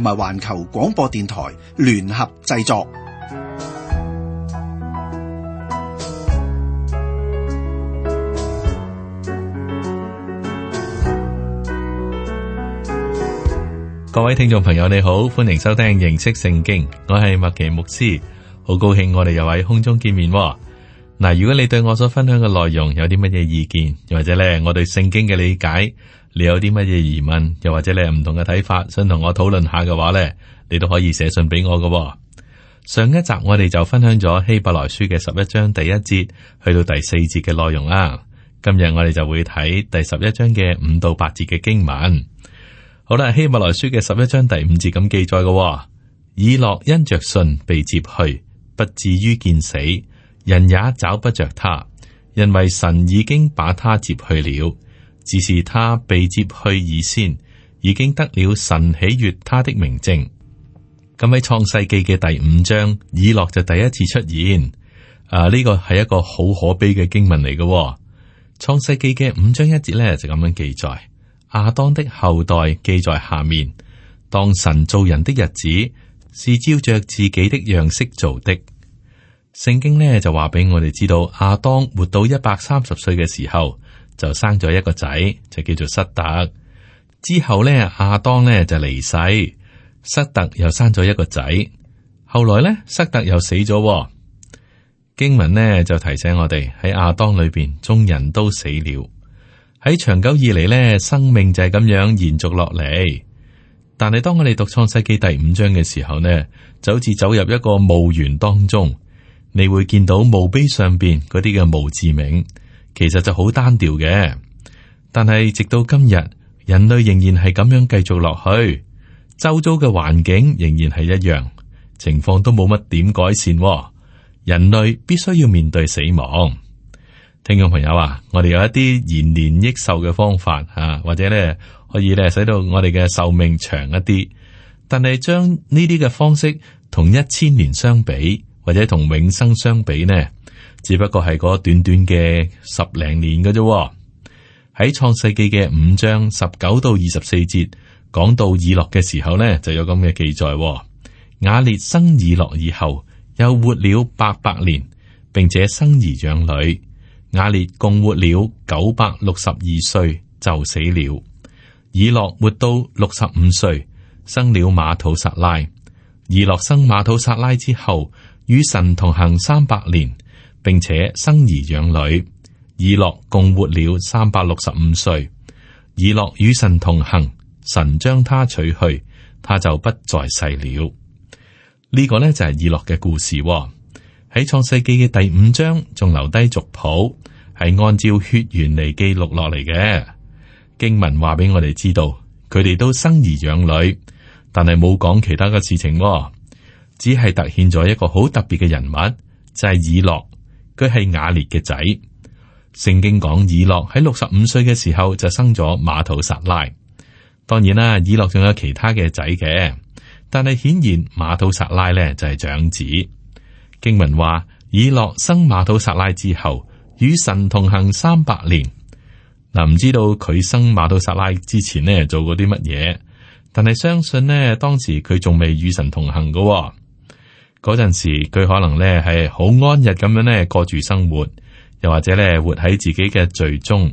同埋環球廣播電台聯合製作。各位聽眾朋友，你好，歡迎收聽認識聖經。我係麥奇牧師，好高興我哋又喺空中見面。嗱，如果你對我所分享嘅內容有啲乜嘢意見，又或者咧我對聖經嘅理解，你有啲乜嘢疑問，又或者你有唔同嘅睇法，想同我討論下嘅話呢，你都可以寫信俾我嘅。上一集我哋就分享咗希伯來書嘅十一章第一節去到第四節嘅內容啦。今日我哋就會睇第十一章嘅五到八節嘅經文。好啦，希伯來書嘅十一章第五節咁記載嘅，以諾因着信被接去，不至於見死，人也找不着他，因為神已經把他接去了。只是他被接去以先，已經得了神喜悅他的明證。咁喺創世記嘅第五章，以諾就第一次出現。啊，呢個係一個好可悲嘅經文嚟嘅哦。創世記嘅五章一節咧就咁樣記載：亞當的後代記在下面。當神造人的日子，是照着自己的樣式造的。聖經咧就話俾我哋知道，亞當活到一百三十歲嘅時候。就生咗一個仔，就叫做失特。之後呢，亞當呢就離世，失特又生咗一個仔。後來呢，失特又死咗喎。經文呢，就提醒我哋喺亞當裏邊，眾人都死了。喺長久以嚟呢，生命就係咁樣延續落嚟。但係當我哋讀創世記第五章嘅時候呢，就好似走入一個墓園當中，你會見到墓碑上邊嗰啲嘅墓誌銘。其實就好單調嘅，但係直到今日，人類仍然係咁樣繼續落去，周遭嘅環境仍然係一樣，情況都冇乜點改善，哦。人類必須要面對死亡。聽眾朋友啊，我哋有一啲延年益壽嘅方法啊，或者咧可以咧使到我哋嘅壽命長一啲，但係將呢啲嘅方式同一千年相比，或者同永生相比呢？只不過係嗰短短嘅十零年嘅啫。喺創世記嘅五章十九到二十四節講到以諾嘅時候呢，就有咁嘅記載、哦。雅列生以諾以後，又活了八百年，並且生兒養女。雅列共活了九百六十二歲就死了。以諾活到六十五歲，生了馬土撒拉。以諾生馬土撒拉之後，與神同行三百年。並且生兒養女，以諾共活了三百六十五歲。以諾與神同行，神將他取去，他就不在世了。呢、這個呢，就係、是、以諾嘅故事喺、哦、創世紀嘅第五章，仲留低族譜，係按照血緣嚟記錄落嚟嘅。經文話俾我哋知道佢哋都生兒養女，但係冇講其他嘅事情、哦，只係突顯咗一個好特別嘅人物，就係、是、以諾。佢係雅列嘅仔，聖經講以諾喺六十五歲嘅時候就生咗馬土撒拉。當然啦，以諾仲有其他嘅仔嘅，但係顯然馬土撒拉咧就係、是、長子。經文話以諾生馬土撒拉之後，與神同行三百年。嗱，唔知道佢生馬土撒拉之前呢做過啲乜嘢，但係相信呢，當時佢仲未與神同行噶、哦。嗰陣時，佢可能咧係好安逸咁樣咧過住生活，又或者咧活喺自己嘅罪中。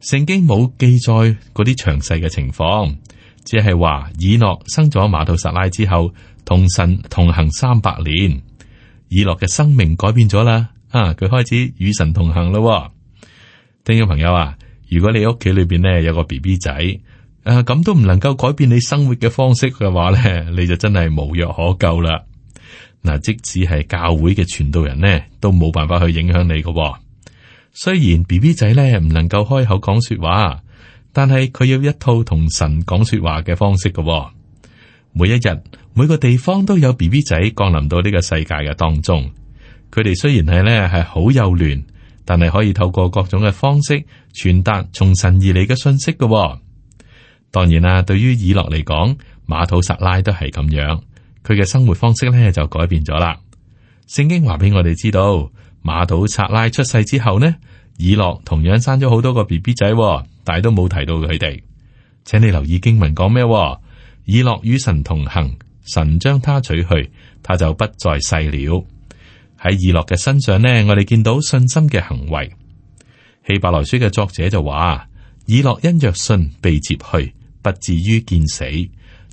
聖經冇記載嗰啲詳細嘅情況，只係話以諾生咗馬杜撒拉之後，同神同行三百年。以諾嘅生命改變咗啦，啊，佢開始與神同行咯。聽眾朋友啊，如果你屋企裏邊咧有個 BB 仔，啊咁都唔能夠改變你生活嘅方式嘅話咧，你就真係無藥可救啦。嗱，即使係教會嘅傳道人呢，都冇辦法去影響你㗎喎。雖然 B B 仔咧唔能夠開口講說話，但係佢有一套同神講說話嘅方式㗎喎。每一日每個地方都有 B B 仔降臨到呢個世界嘅當中，佢哋雖然係咧係好幼嫩，但係可以透過各種嘅方式傳達從神而嚟嘅信息㗎喎。當然啦、啊，對於以諾嚟講，馬土撒拉都係咁樣。佢嘅生活方式咧就改變咗啦。聖經話俾我哋知道，馬杜撒拉出世之後呢，以諾同樣生咗好多個 B B 仔，但係都冇提到佢哋。請你留意經文講咩？以諾與神同行，神將他取去，他就不在世了。喺以諾嘅身上呢，我哋見到信心嘅行為。希伯來書嘅作者就話：以諾因着信被接去，不至於見死。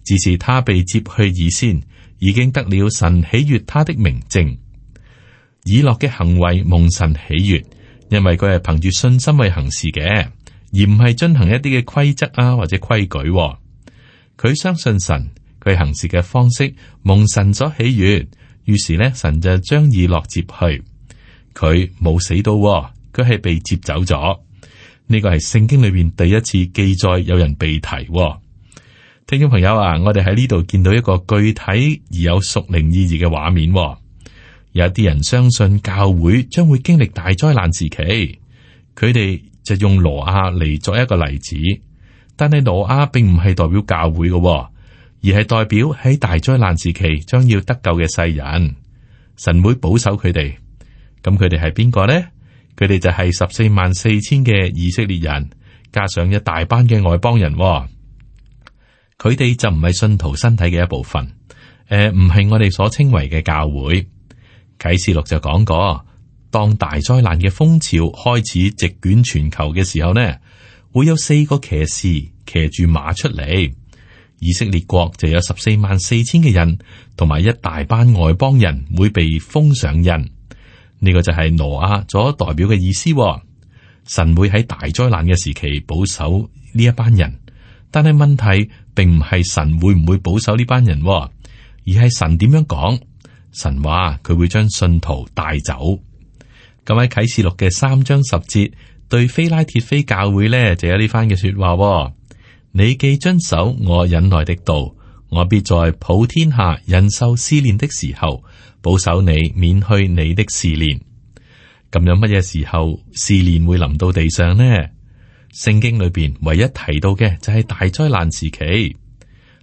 只是他被接去以先，已經得了神喜悅他的明證。以諾嘅行為蒙神喜悅，因為佢係憑住信心去行事嘅，而唔係遵行一啲嘅規則啊或者規矩、啊。佢相信神，佢行事嘅方式蒙神所喜悅。於是呢，神就將以諾接去。佢冇死到、啊，佢係被接走咗。呢、這個係聖經裏邊第一次記載有人被提、啊。聽眾朋友啊，我哋喺呢度見到一個具體而有屬靈意義嘅畫面、哦。有啲人相信教會將會經歷大災難時期，佢哋就用羅亞嚟作一個例子。但係羅亞並唔係代表教會嘅、哦，而係代表喺大災難時期將要得救嘅世人。神會保守佢哋。咁佢哋係邊個呢？佢哋就係十四萬四千嘅以色列人，加上一大班嘅外邦人、哦。佢哋就唔係信徒身體嘅一部分，誒、呃，唔係我哋所稱為嘅教會。啟示錄就講過，當大災難嘅風潮開始席捲全球嘅時候呢，會有四個騎士騎住馬出嚟，以色列國就有十四萬四千嘅人，同埋一大班外邦人會被封上印。呢、這個就係挪亞所代表嘅意思，神會喺大災難嘅時期保守呢一班人。但係問題並唔係神會唔會保守呢班人，而係神點樣講？神話佢會將信徒帶走。咁喺啟示錄嘅三章十節，對菲拉鐵菲教會呢就有呢番嘅說話：「你既遵守我忍耐的道，我必在普天下人受試煉的時候，保守你，免去你的試煉。咁有乜嘢時候試煉會臨到地上呢？聖經裏邊唯一提到嘅就係大災難時期。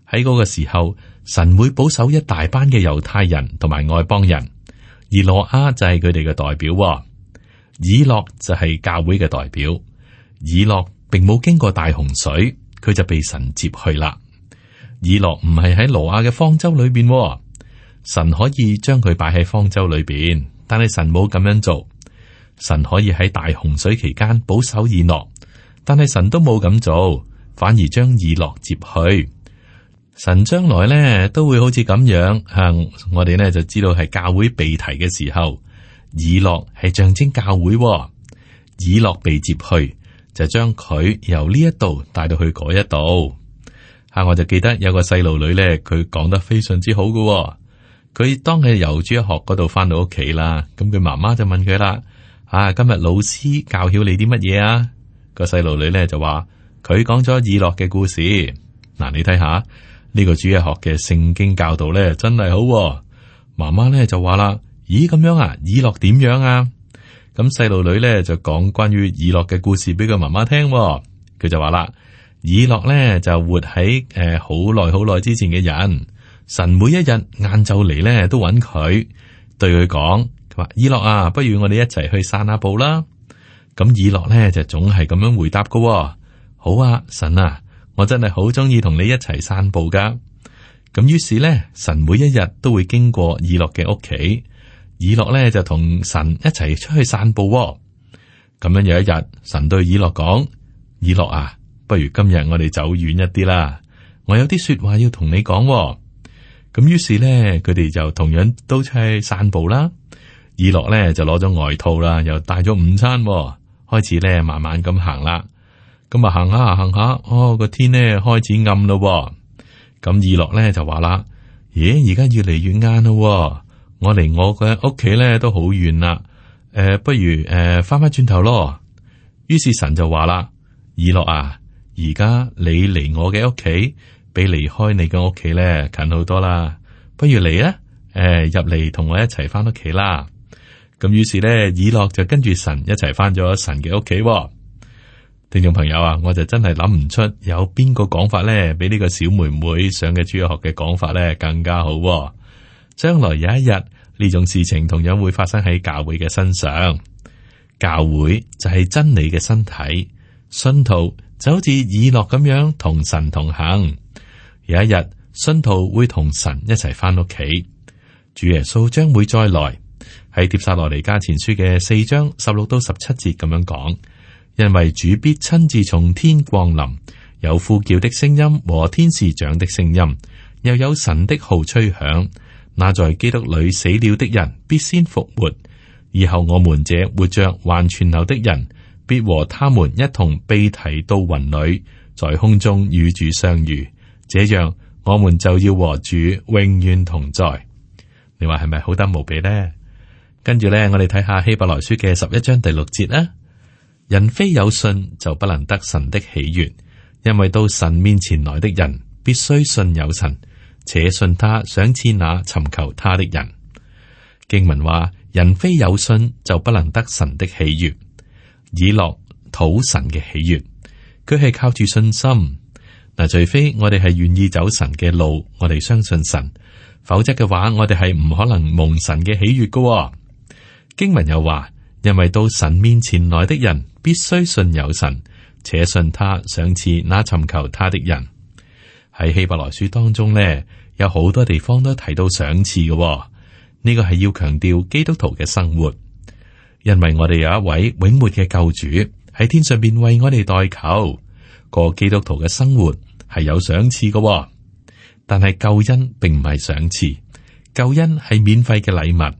喺嗰個時候，神會保守一大班嘅猶太人同埋外邦人，而挪亞就係佢哋嘅代表。以諾就係教會嘅代表。以諾並冇經過大洪水，佢就被神接去啦。以諾唔係喺挪亞嘅方舟裏邊，神可以將佢擺喺方舟裏邊，但係神冇咁樣做。神可以喺大洪水期間保守以諾。但係神都冇咁做，反而將以諾接去。神將來咧都會好似咁樣，吓、嗯、我哋咧就知道係教會被提嘅時候，以諾係象徵教會、哦。以諾被接去，就將佢由呢一度帶到去嗰一度。吓、嗯，我就記得有個細路女咧，佢講得非常之好嘅、哦。佢當佢由主日學嗰度返到屋企啦，咁佢媽媽就問佢啦：啊，今日老師教曉你啲乜嘢啊？個細路女咧就話佢講咗以諾嘅故事，嗱、啊、你睇下呢個主日學嘅聖經教導咧真係好、啊，媽媽咧就話啦，咦咁樣啊，以諾點樣啊？咁細路女咧就講關於以諾嘅故事俾佢媽媽聽、啊，佢就話啦，以諾咧就活喺誒好耐好耐之前嘅人，神每一日晏晝嚟，咧都揾佢，對佢講，佢話，以諾啊，不如我哋一齊去散下步啦。咁以諾咧就總係咁樣回答噶、哦，好啊，神啊，我真係好中意同你一齊散步噶。咁於是咧，神每一日都會經過以諾嘅屋企，以諾咧就同神一齊出去散步、哦。咁樣有一日，神對以諾講：以諾啊，不如今日我哋走遠一啲啦，我有啲說話要同你講、哦。咁於是咧，佢哋就同樣都出去散步啦。以諾咧就攞咗外套啦，又帶咗午餐、哦。開始咧，慢慢咁行啦，啊，咁啊，行下行下，哦，個天咧開始暗咯，哦，咁以諾咧就話啦，咦，而家越嚟越晏咯，哦，我離我嘅屋企咧都好遠啦，誒、呃、不如誒翻翻轉頭咯，於是神就話啦，以諾啊，而家你離我嘅屋企比離開你嘅屋企咧近好多啦，不如你咧，誒入嚟同我一齊翻屋企啦。咁於是呢，以諾就跟住神一齊翻咗神嘅屋企。聽眾朋友啊，我就真係諗唔出有邊個講法呢，比呢個小妹妹上嘅主學嘅講法呢更加好。將來有一日，呢種事情同樣會發生喺教會嘅身上，教會就係真理嘅身體，信徒就好似以諾咁樣同神同行。有一日，信徒會同神一齊翻屋企，主耶穌將會再來。喺《帖撒羅尼迦前書》嘅四章十六到十七節咁樣講，因為主必親自從天降臨，有呼叫的聲音和天使長的聲音，又有神的號吹響。那在基督裏死了的人必先復活，以後我們這活着還存留的人，必和他們一同被提到雲裏，在空中與主相遇。這樣，我們就要和主永遠同在。你話係咪好得無比呢？跟住咧，我哋睇下希伯來書嘅十一章第六節啦。人非有信就不能得神的喜悅，因為到神面前來的人必須信有神，且信他，賞賜那尋求他的人。經文話：人非有信就不能得神的喜悅，以諾討神嘅喜悅。佢係靠住信心嗱，除非我哋係願意走神嘅路，我哋相信神，否則嘅話，我哋係唔可能蒙神嘅喜悅噶哦。經文又話，因為到神面前來的人必須信有神，且信他賞賜那尋求他的人。喺希伯來書當中呢，有好多地方都提到賞賜嘅。呢、這個係要強調基督徒嘅生活，因為我哋有一位永活嘅救主喺天上邊為我哋代求。過、這個、基督徒嘅生活係有賞賜嘅，但係救恩並唔係賞賜，救恩係免費嘅禮物。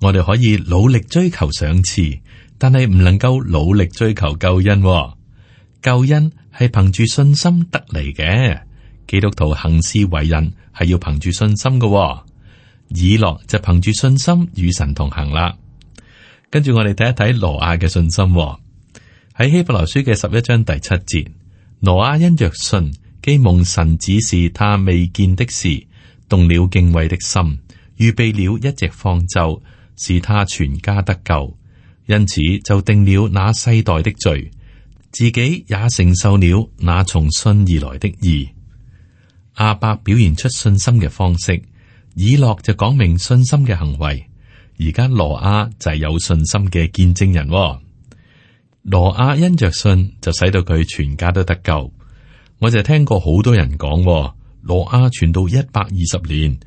我哋可以努力追求賞賜，但係唔能夠努力追求救恩，哦。救恩係憑住信心得嚟嘅。基督徒行事為人係要憑住信心嘅，哦，以諾就憑住信心與神同行啦。跟住我哋睇一睇羅亞嘅信心喺，哦，希伯來書嘅十一章第七節。羅亞因着信，既蒙神指示他未見的事，動了敬畏的心，預備了一隻方舟。是他全家得救，因此就定了那世代的罪，自己也承受了那從信而來的義。亞伯表現出信心嘅方式，以諾就講明信心嘅行為。而家挪亞就係有信心嘅見證人、哦，挪亞因着信就使到佢全家都得救。我就聽過好多人講、哦，挪亞傳到一百二十年。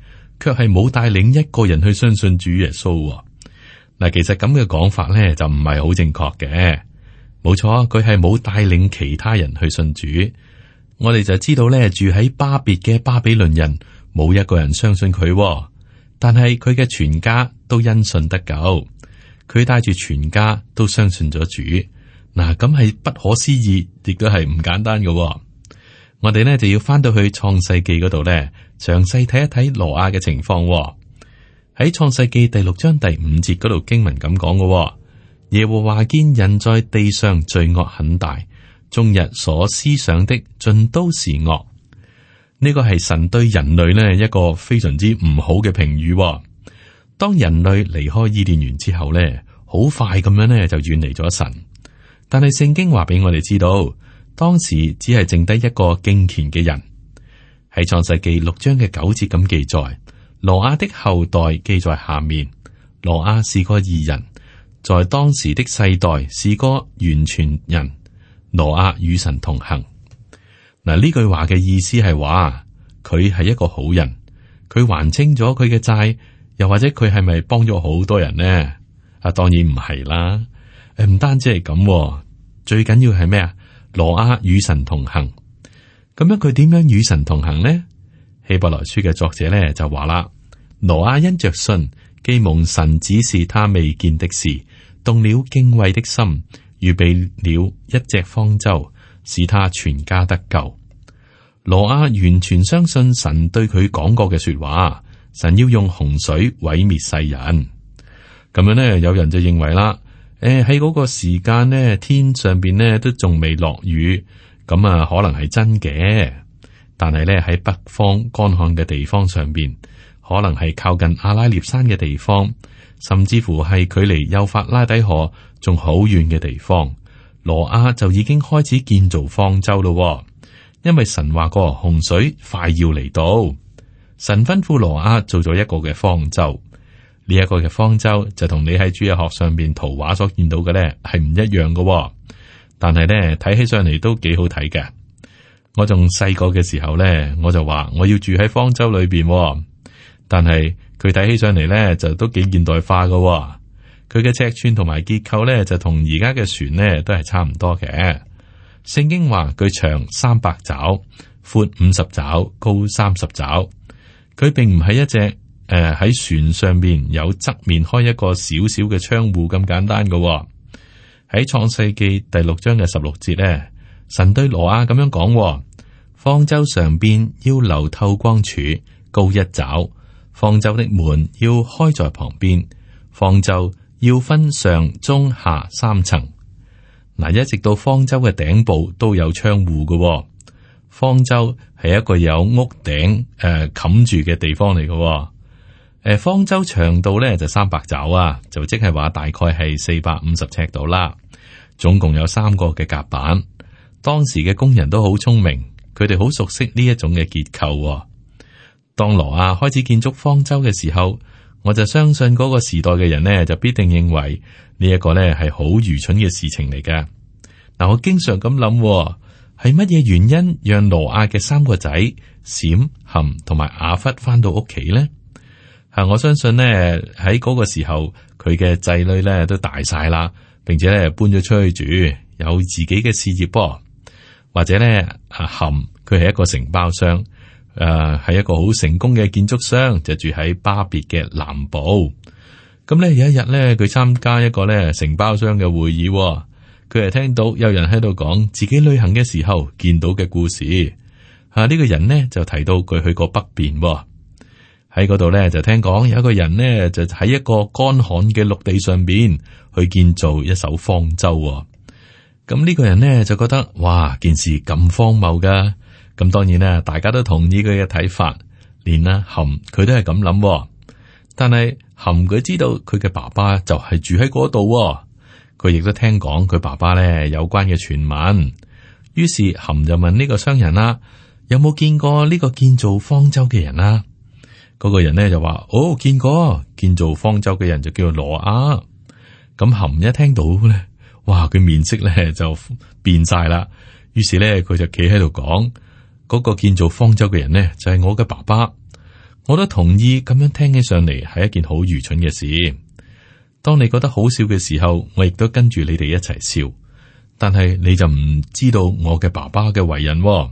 卻係冇帶領一個人去相信主耶穌。嗱，其實咁嘅講法咧，就唔係好正確嘅。冇錯，佢係冇帶領其他人去信主。我哋就知道咧，住喺巴別嘅巴比倫人冇一個人相信佢，但係佢嘅全家都因信得救，佢帶住全家都相信咗主。嗱、啊，咁係不可思議，亦都係唔簡單嘅。我哋呢就要翻到去創世紀嗰度呢，詳細睇一睇挪亞嘅情況，哦。喺創世紀第六章第五節嗰度經文咁講嘅，耶和華見人在地上罪惡很大，終日所思想的盡都是惡。呢個係神對人類呢一個非常之唔好嘅評語，哦。當人類離開伊甸園之後呢，好快咁樣呢就遠離咗神。但係聖經話俾我哋知道。當時只係剩低一個敬虔嘅人，喺創世記六章嘅九節咁記載。羅亞的後代記在下面，羅亞是個義人，在當時的世代是個完全人。羅亞與神同行嗱，呢、啊、句話嘅意思係話佢係一個好人，佢還清咗佢嘅債，又或者佢係咪幫咗好多人呢？啊，當然唔係啦。誒、啊，唔單止係咁、啊，最緊要係咩啊？羅亞與神同行，咁樣佢點樣與神同行呢？希伯來書嘅作者呢就話啦：羅亞因着信，既蒙神指示他未見的事，動了敬畏的心，預備了一隻方舟，使他全家得救。羅亞完全相信神對佢講過嘅說話，神要用洪水毀滅世人。咁樣呢，有人就認為啦。誒，喺嗰、欸、個時間呢，天上邊呢都仲未落雨，咁啊可能係真嘅。但係呢，喺北方乾旱嘅地方上邊，可能係靠近亞拉臘山嘅地方，甚至乎係距離幼發拉底河仲好遠嘅地方，挪亞就已經開始建造方舟咯、哦。因為神話過洪水快要嚟到，神吩咐挪亞做咗一個嘅方舟。呢一個嘅方舟就同你喺主日學上邊圖畫所見到嘅咧，係唔一樣嘅、哦，但係咧睇起上嚟都幾好睇嘅。我仲細個嘅時候咧，我就話我要住喺方舟裏邊、哦，但係佢睇起上嚟咧就都幾現代化嘅、哦。佢嘅尺寸同埋結構咧就同而家嘅船咧都係差唔多嘅。聖經話佢長三百肘，寬五十肘，高三十肘。佢並唔係一隻。誒，喺、呃、船上面有側面開一個小小嘅窗戶咁簡單嘅喎、哦。喺創世紀第六章嘅十六節咧，神對挪亞咁樣講、哦：方舟上邊要留透光處，高一肘；方舟的門要開在旁邊。方舟要分上、中、下三層。嗱、呃，一直到方舟嘅頂部都有窗戶嘅、哦。方舟係一個有屋頂誒，冚、呃、住嘅地方嚟嘅、哦。誒、呃，方舟長度咧就三百爪啊，就即係話大概係四百五十尺度啦。總共有三個嘅甲板。當時嘅工人都好聰明，佢哋好熟悉呢一種嘅結構、哦。當羅亞開始建築方舟嘅時候，我就相信嗰個時代嘅人呢，就必定認為呢一個呢係好愚蠢嘅事情嚟嘅。嗱、呃，我經常咁諗、哦，係乜嘢原因讓羅亞嘅三個仔閃、含同埋雅弗翻到屋企呢？係、啊、我相信呢，喺嗰個時候佢嘅仔女呢都大晒啦，並且呢搬咗出去住，有自己嘅事業噃、哦，或者呢，阿、啊、含佢係一個承包商，誒、啊、係一個好成功嘅建築商，就住喺巴別嘅南部。咁呢，有一日呢，佢參加一個呢承包商嘅會議、哦，佢係聽到有人喺度講自己旅行嘅時候見到嘅故事。吓、啊、呢、這個人呢，就提到佢去過北邊、哦。喺嗰度咧，就聽講有一個人呢，就喺一個乾旱嘅陸地上邊去建造一艘方舟、哦。咁呢個人呢，就覺得，哇，件事咁荒謬噶。咁當然啦，大家都同意佢嘅睇法。連啦、啊，含佢都係咁諗，但係含佢知道佢嘅爸爸就係住喺嗰度。佢亦都聽講佢爸爸咧有關嘅傳聞。於是含就問呢個商人啦、啊，有冇見過呢個建造方舟嘅人啦、啊？嗰個人咧就話：哦，見過建造方舟嘅人就叫挪亞。咁含一聽到咧，哇，佢面色咧就變晒啦。於是咧佢就企喺度講：嗰、那個建造方舟嘅人咧就係、是、我嘅爸爸。我都同意咁樣聽起上嚟係一件好愚蠢嘅事。當你覺得好笑嘅時候，我亦都跟住你哋一齊笑。但係你就唔知道我嘅爸爸嘅為人、哦，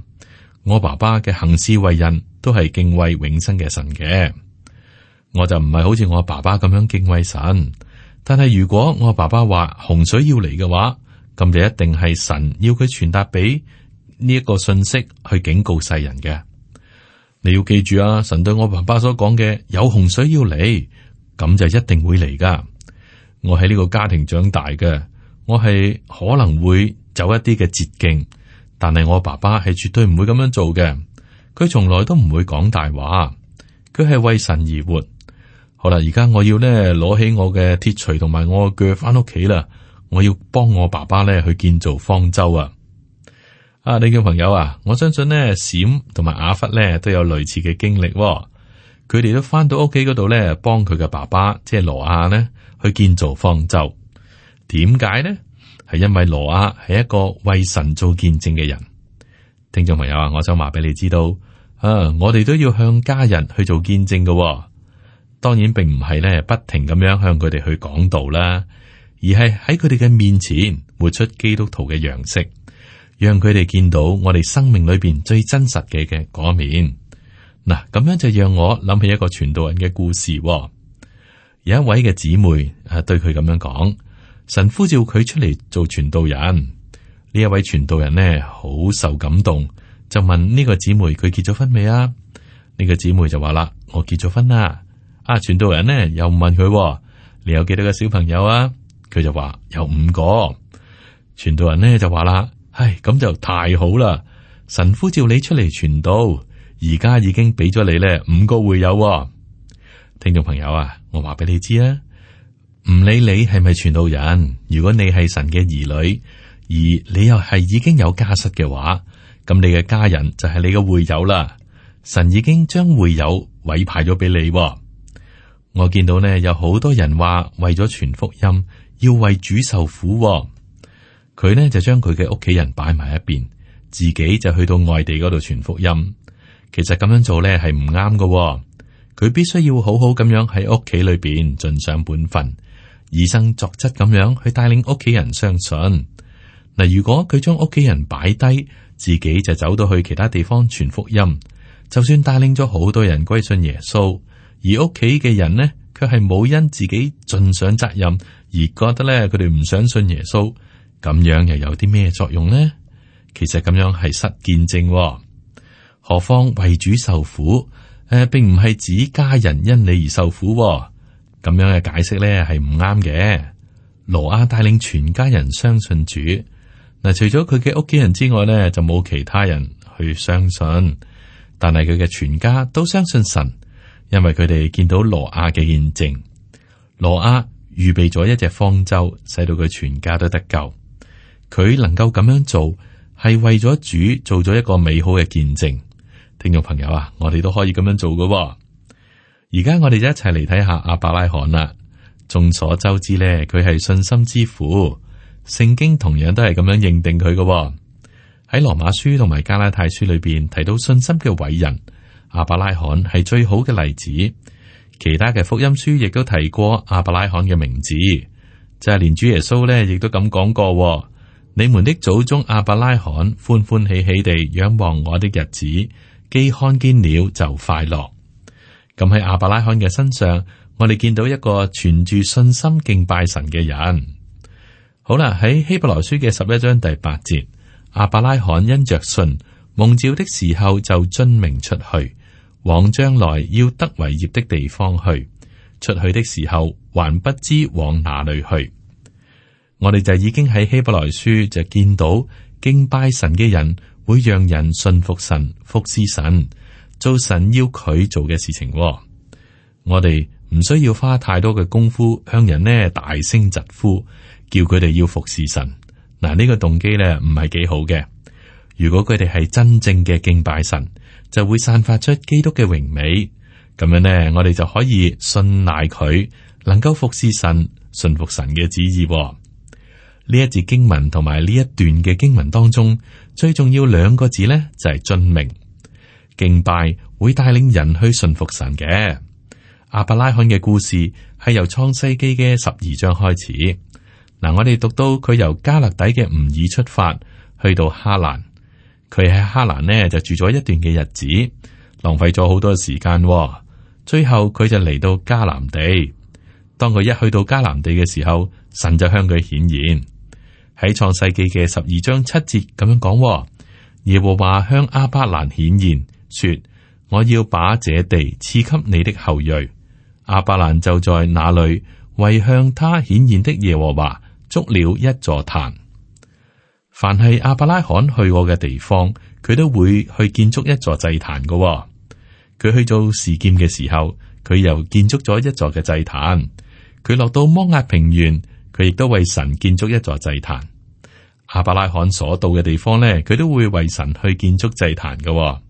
我爸爸嘅行事為人。都係敬畏永生嘅神嘅，我就唔係好似我爸爸咁樣敬畏神。但係如果我爸爸話洪水要嚟嘅話，咁就一定係神要佢傳達俾呢一個信息去警告世人嘅。你要記住啊，神對我爸爸所講嘅有洪水要嚟，咁就一定會嚟噶。我喺呢個家庭長大嘅，我係可能會走一啲嘅捷徑，但係我爸爸係絕對唔會咁樣做嘅。佢從來都唔會講大話，佢係為神而活。好啦，而家我要咧攞起我嘅鐵錘同埋我嘅腳翻屋企啦，我要幫我爸爸咧去建造方舟啊！啊，你嘅朋友啊，我相信咧閃同埋雅弗咧都有類似嘅經歷，哦，佢哋都翻到屋企嗰度咧幫佢嘅爸爸，即係羅亞咧去建造方舟。點解呢？係因為羅亞係一個為神做見證嘅人。聽眾朋友啊，我想話俾你知道啊，我哋都要向家人去做見證嘅，哦。當然並唔係咧，不停咁樣向佢哋去講道啦，而係喺佢哋嘅面前活出基督徒嘅樣式，讓佢哋見到我哋生命裏邊最真實嘅嘅嗰面。嗱、啊，咁樣就讓我諗起一個傳道人嘅故事，哦。有一位嘅姊妹啊，對佢咁樣講：神呼召佢出嚟做傳道人。呢一位傳道人咧，好受感動，就問呢個姊妹佢結咗婚未啊？呢個姊妹就話啦：我結咗婚啦！啊，傳道人咧又問佢：你有幾多個小朋友啊？佢就話有五個。傳道人咧就話啦：唉，咁就太好啦！神呼召你出嚟傳道，而家已經俾咗你咧五個會友、啊。聽眾朋友啊，我話俾你知啊，唔理你係咪傳道人，如果你係神嘅兒女。而你又係已經有家室嘅話，咁你嘅家人就係你嘅會友啦。神已經將會友委派咗俾你、哦。我見到呢有好多人話為咗傳福音要為主受苦、哦，佢呢就將佢嘅屋企人擺埋一邊，自己就去到外地嗰度傳福音。其實咁樣做呢係唔啱嘅。佢、哦、必須要好好咁樣喺屋企裏邊盡上本分，以身作則咁樣去帶領屋企人相信。嗱，如果佢將屋企人擺低，自己就走到去其他地方傳福音，就算帶領咗好多人歸信耶穌，而屋企嘅人呢，卻係冇因自己盡上責任而覺得咧佢哋唔想信耶穌，咁樣又有啲咩作用呢？其實咁樣係失見證，何況為主受苦，誒，並唔係指家人因你而受苦，咁樣嘅解釋咧係唔啱嘅。挪亞帶領全家人相信主。嗱，除咗佢嘅屋企人之外咧，就冇其他人去相信。但係佢嘅全家都相信神，因為佢哋見到羅亞嘅見證。羅亞預備咗一隻方舟，使到佢全家都得救。佢能夠咁樣做，係為咗主做咗一個美好嘅見證。聽眾朋友啊，我哋都可以咁樣做嘅喎。而家我哋就一齊嚟睇下亞伯拉罕啦。眾所周知咧，佢係信心之父。聖經同樣都係咁樣認定佢嘅。喺羅馬書同埋加拉太書裏邊提到信心嘅偉人亞伯拉罕係最好嘅例子，其他嘅福音書亦都提過亞伯拉罕嘅名字，就係、是、連主耶穌呢亦都咁講過、哦：你們的祖宗亞伯拉罕歡歡喜喜地仰望我的日子，既看見了就快樂。咁喺亞伯拉罕嘅身上，我哋見到一個存住信心敬拜神嘅人。好啦，喺希伯來書嘅十一章第八節，亞伯拉罕因着信蒙召的時候，就遵命出去往將來要得為業的地方去。出去的時候還不知往哪裏去。我哋就已經喺希伯來書就見到敬拜神嘅人會讓人信服神、服侍神，做神要佢做嘅事情。我哋唔需要花太多嘅功夫向人呢大聲疾呼。叫佢哋要服侍神嗱，呢個動機咧唔係幾好嘅。如果佢哋係真正嘅敬拜神，就會散發出基督嘅榮美。咁樣咧，我哋就可以信賴佢能夠服侍神，信服神嘅旨意。呢一節經文同埋呢一段嘅經文當中，最重要兩個字咧就係遵命敬拜，會帶領人去信服神嘅。亞伯拉罕嘅故事係由創世紀嘅十二章開始。嗱，我哋讀到佢由加勒底嘅吾珥出發，去到哈蘭，佢喺哈蘭呢就住咗一段嘅日子，浪費咗好多時間、哦。最後佢就嚟到迦南地。當佢一去到迦南地嘅時候，神就向佢顯現，喺創世紀嘅十二章七節咁樣講、哦，耶和華向亞伯蘭顯現，說：我要把這地賜給你的後裔。亞伯蘭就在那裏為向他顯現的耶和華築了一座壇，凡係亞伯拉罕去過嘅地方，佢都會去建築一座祭壇嘅、哦。佢去做示劍嘅時候，佢又建築咗一座嘅祭壇。佢落到摩押平原，佢亦都為神建築一座祭壇。亞伯拉罕所到嘅地方呢，佢都會為神去建築祭壇嘅、哦。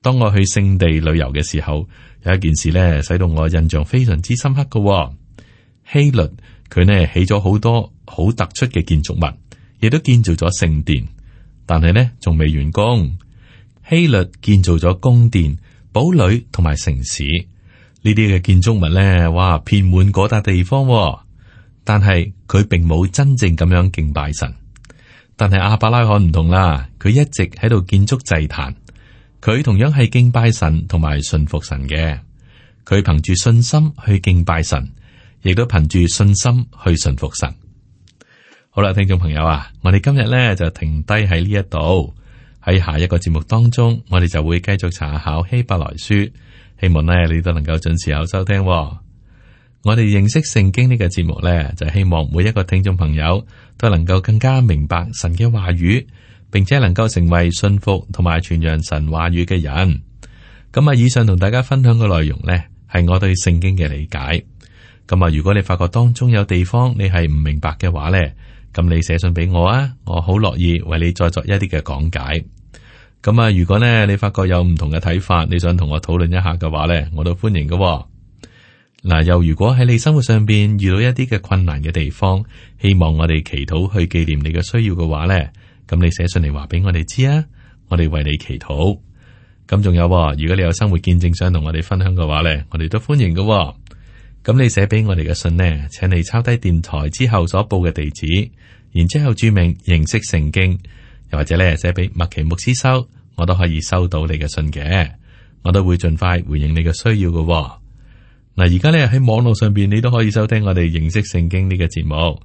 當我去聖地旅遊嘅時候，有一件事呢，使到我印象非常之深刻嘅、哦。希律。佢呢，起咗好多好突出嘅建築物，亦都建造咗聖殿，但係呢仲未完工。希律建造咗宮殿、堡壘同埋城市，呢啲嘅建築物呢，哇，遍滿嗰笪地方，哦。但係佢並冇真正咁樣敬拜神。但係亞伯拉罕唔同啦，佢一直喺度建築祭壇，佢同樣係敬拜神同埋信服神嘅。佢憑住信心去敬拜神。亦都憑住信心去順服神。好啦，聽眾朋友啊，我哋今日呢就停低喺呢一度。喺下一個節目當中，我哋就會繼續查考希伯來書。希望呢你都能夠準時有收聽哦。我哋認識聖經呢個節目呢，就希望每一個聽眾朋友都能夠更加明白神嘅話語，並且能夠成為信服同埋傳揚神話語嘅人。咁啊，以上同大家分享嘅內容呢，係我對聖經嘅理解。咁啊！如果你發覺當中有地方你係唔明白嘅話呢，咁你寫信俾我啊，我好樂意為你再作一啲嘅講解。咁啊，如果呢，你發覺有唔同嘅睇法，你想同我討論一下嘅話呢，我都歡迎嘅。嗱，又如果喺你生活上邊遇到一啲嘅困難嘅地方，希望我哋祈禱去紀念你嘅需要嘅話呢，咁你寫信嚟話俾我哋知啊，我哋為你祈禱。咁仲有，如果你有生活見證想同我哋分享嘅話呢，我哋都歡迎嘅喎。咁你寫俾我哋嘅信呢，請你抄低電台之後所報嘅地址，然之後注明認識聖經，又或者咧寫俾麥奇牧師收，我都可以收到你嘅信嘅，我都會盡快回應你嘅需要嘅、哦。嗱、啊，而家咧喺網絡上邊，你都可以收聽我哋認識聖經呢、這個節目，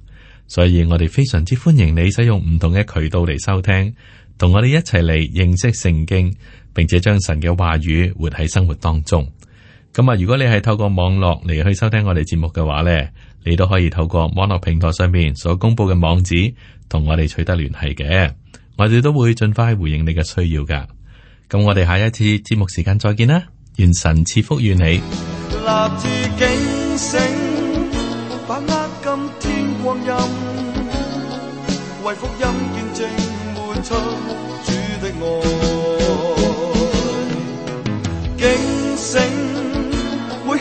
所以我哋非常之歡迎你使用唔同嘅渠道嚟收聽，同我哋一齊嚟認識聖經，並且將神嘅話語活喺生活當中。咁啊！如果你係透過網絡嚟去收聽我哋節目嘅話呢，你都可以透過網絡平台上邊所公布嘅網址，同我哋取得聯繫嘅，我哋都會盡快回應你嘅需要㗎。咁我哋下一次節目時間再見啦，願神賜福與你。